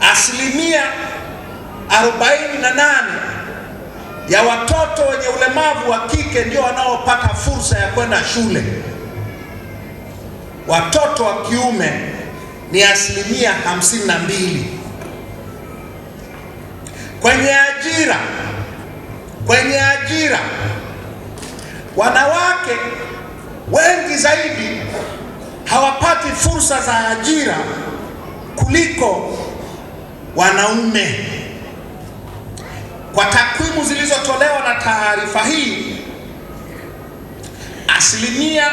asilimia 48 ya watoto wenye ulemavu wa kike ndio wanaopata fursa ya kwenda shule. Watoto wa kiume ni asilimia 52. Kwenye ajira, kwenye ajira wanawake wengi zaidi hawapati fursa za ajira kuliko wanaume. Kwa takwimu zilizotolewa na taarifa hii, asilimia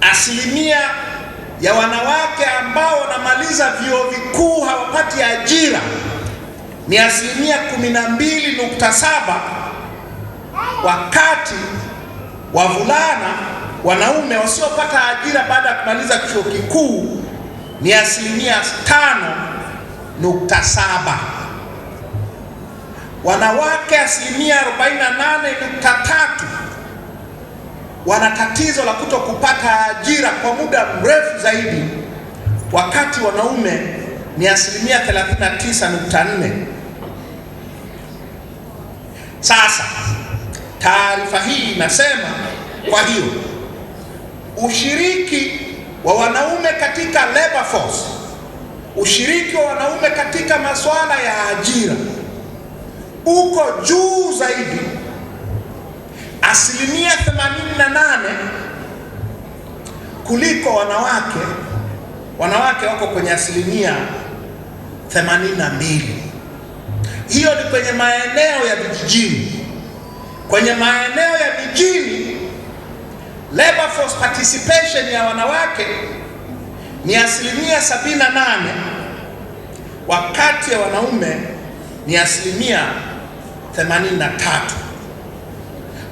asilimia ya wanawake ambao wanamaliza vyuo vikuu hawapati ajira ni asilimia 12.7, wakati wavulana wanaume wasiopata ajira baada ya kumaliza chuo kikuu ni asilimia tano nukta saba wanawake asilimia 48.3 wana tatizo la kuto kupata ajira kwa muda mrefu zaidi, wakati wanaume ni asilimia 39.4. Sasa taarifa hii inasema, kwa hiyo ushiriki wa wanaume katika labor force ushiriki wa wanaume katika masuala ya ajira uko juu zaidi, asilimia 88 kuliko wanawake. Wanawake wako kwenye asilimia 82. Hiyo ni kwenye maeneo ya vijijini. Kwenye maeneo ya mijini, labor force participation ya wanawake ni asilimia 78, wakati ya wanaume ni asilimia 83.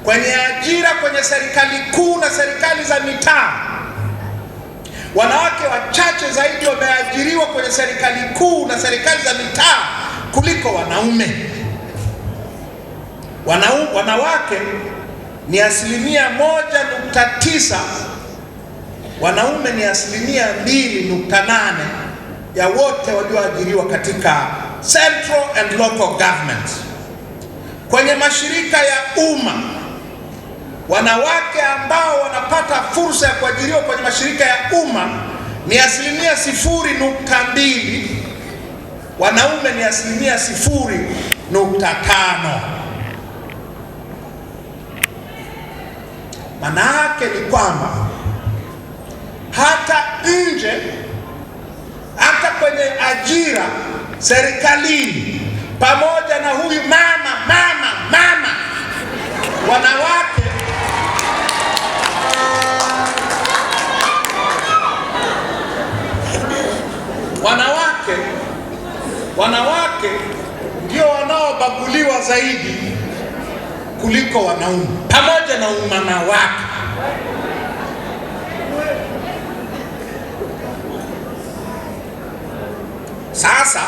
Kwenye ajira kwenye serikali kuu na serikali za mitaa, wanawake wachache zaidi wameajiriwa kwenye serikali kuu na serikali za mitaa kuliko wanaume. Wanau, wanawake ni asilimia 1.9 Wanaume ni asilimia mbili nukta nane ya wote walioajiriwa katika central and local government. Kwenye mashirika ya umma, wanawake ambao wanapata fursa ya kuajiriwa kwenye mashirika ya umma ni asilimia sifuri nukta mbili wanaume ni asilimia sifuri nukta tano. Maana yake ni kwamba hata nje, hata kwenye ajira serikalini, pamoja na huyu mama mama mama, wanawake wanawake wanawake ndio wanaobaguliwa zaidi kuliko wanaume, pamoja na umama wake. Sasa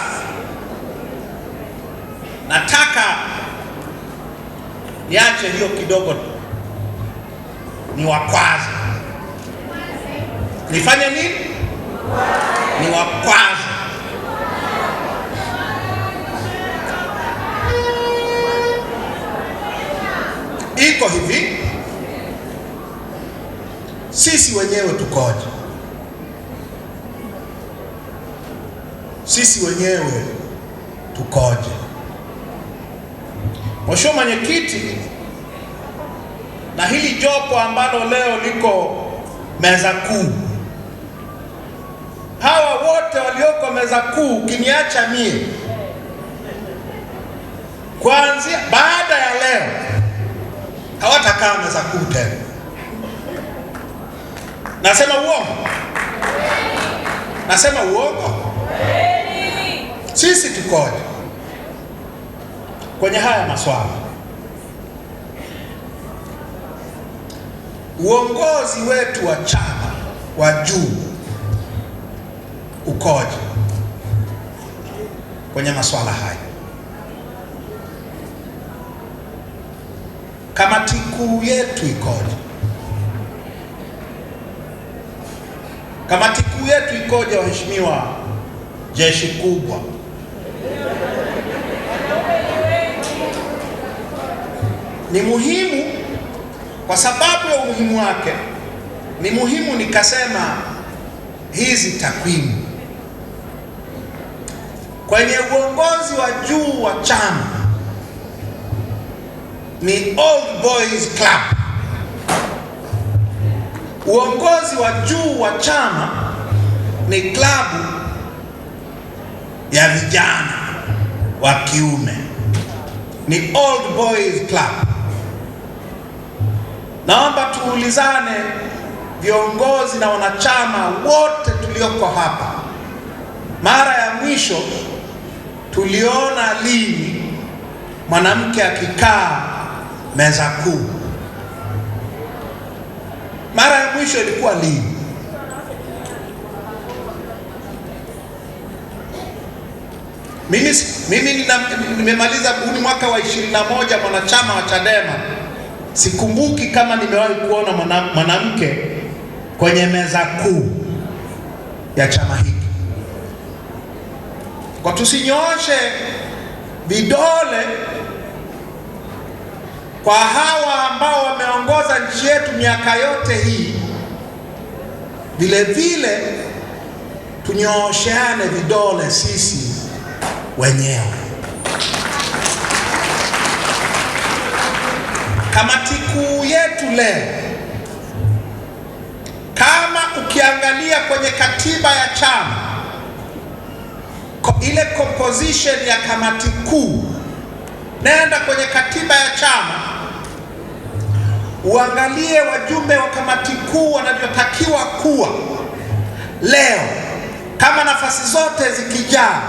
nataka niache hiyo kidogo, ni wakwaza Nifanye nini? ni wakwaza Iko hivi, sisi wenyewe tukoje? sisi wenyewe tukoje? Mheshimiwa Mwenyekiti, na hili jopo ambalo leo liko meza kuu, hawa wote walioko meza kuu ukiniacha mie, kuanzia baada ya leo hawatakaa meza kuu tena. Nasema uongo? Nasema uongo? Sisi tukoje kwenye haya maswala? Uongozi wetu wa chama wa juu ukoje kwenye maswala haya? Kamati kuu yetu ikoje? Kamati kuu yetu ikoje, waheshimiwa? Jeshi kubwa ni muhimu kwa sababu ya umuhimu wake, ni muhimu nikasema hizi takwimu kwenye uongozi wa juu wa chama ni Old Boys Club. Uongozi wa juu wa chama ni klabu ya vijana wa kiume, ni Old Boys Club. Naomba tuulizane, viongozi na wanachama wote tulioko hapa, mara ya mwisho tuliona lini mwanamke akikaa meza kuu? Mara ya mwisho ilikuwa lini? Mimi mimi nimemaliza, huu ni mwaka wa 21 mwanachama wa Chadema Sikumbuki kama nimewahi kuona mwanamke kwenye meza kuu ya chama hiki. Kwa tusinyooshe vidole kwa hawa ambao wameongoza nchi yetu miaka yote hii, vile vile tunyoosheane vidole sisi wenyewe. Kamati kuu yetu leo, kama ukiangalia kwenye katiba ya chama ile composition ya kamati kuu, nenda kwenye katiba ya chama uangalie wajumbe wa kamati kuu wanavyotakiwa kuwa leo. Kama nafasi zote zikijaa,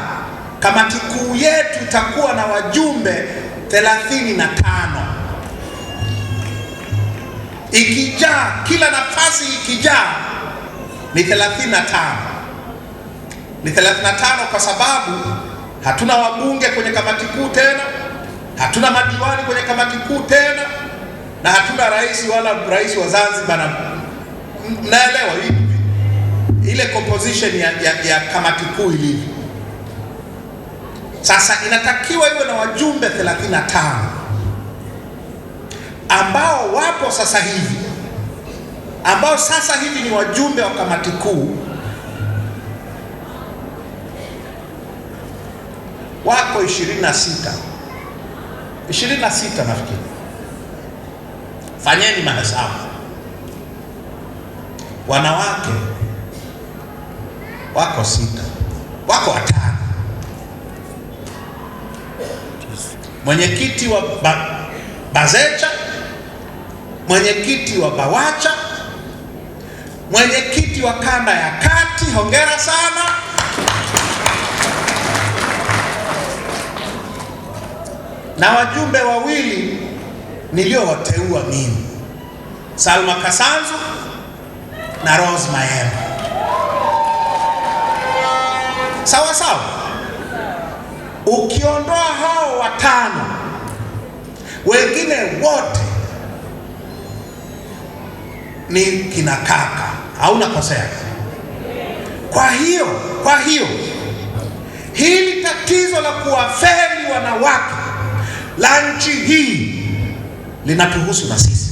kamati kuu yetu itakuwa na wajumbe 35 ikijaa, kila nafasi ikijaa ni 35 ni 35, kwa sababu hatuna wabunge kwenye kamati kuu tena, hatuna madiwani kwenye kamati kuu tena, na hatuna rais wala rais wa Zanzibar naelewa hivi ile composition ya, ya, ya kamati kuu ilivyo sasa, inatakiwa iwe na wajumbe 35 ambao wapo sasa hivi ambao sasa hivi ni wajumbe wa kamati kuu wako 26 26 nafikiri. Fanyeni mahesabu, wanawake wako sita, wako watano. Mwenyekiti wa ba, Bazecha mwenyekiti wa BAWACHA, mwenyekiti wa kanda ya kati, hongera sana. Na wajumbe wawili niliowateua mimi, Salma Kasanzu na Rose Maembe. Sawa sawa, ukiondoa hao watano wengine wote ni kina kaka, au nakosea? Kwa hiyo kwa hiyo hili tatizo la kuwafeli wanawake la nchi hii linatuhusu na sisi.